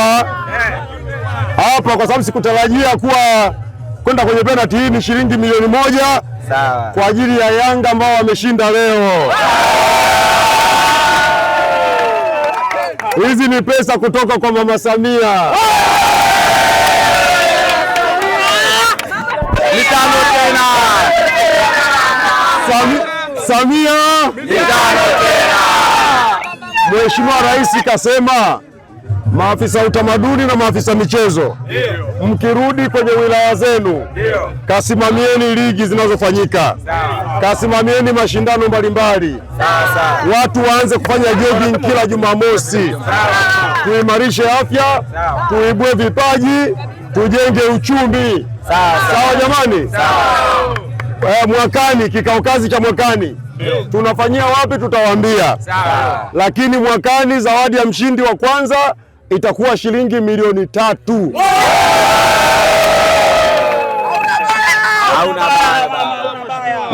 hapa hapa, kwa sababu sikutarajia kuwa kwenda kwenye penalti. Hii ni shilingi milioni moja sawa, kwa ajili ya Yanga ambao wameshinda leo. Hizi ni pesa kutoka kwa Mama Samia. Mitano tena. Sami, Samia mitano tena. Mheshimiwa Rais kasema maafisa utamaduni na maafisa michezo, mkirudi kwenye wilaya zenu, kasimamieni ligi zinazofanyika, kasimamieni mashindano mbalimbali. Watu waanze kufanya jogging kila Jumamosi, tuimarishe afya, tuibue vipaji, tujenge uchumi. Sawa jamani, eh, mwakani kikao kazi cha mwakani tunafanyia wapi, tutawaambia. Lakini mwakani zawadi ya mshindi wa kwanza itakuwa shilingi milioni tatu.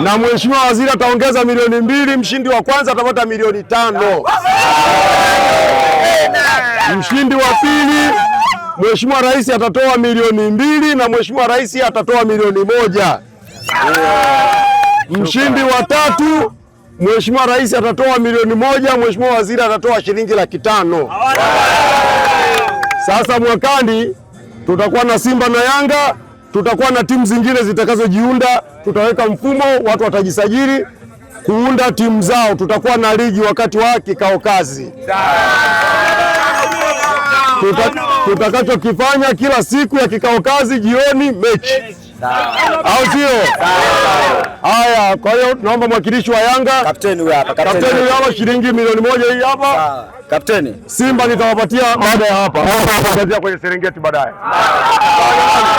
Na mheshimiwa waziri ataongeza milioni mbili. Mshindi wa kwanza atapata milioni tano. Mshindi wa pili, mheshimiwa rais atatoa milioni mbili na mheshimiwa rais atatoa milioni moja. Mshindi wa tatu Mheshimiwa Rais atatoa milioni moja, Mheshimiwa Waziri atatoa shilingi laki tano. Sasa mwakani tutakuwa na Simba na Yanga, tutakuwa na timu zingine zitakazojiunda. Tutaweka mfumo, watu watajisajili kuunda timu zao, tutakuwa na ligi wakati wa kikao kazi. Tutakachokifanya kila siku ya kikao kazi, jioni mechi, au sio? kwa hiyo naomba mwakilishi wa Yanga kapteni huyu hapa, kapteni huyu hapa, shilingi milioni moja hii hapa kapteni. Simba nitawapatia baada ya hapa, kwenye Serengeti baadaye.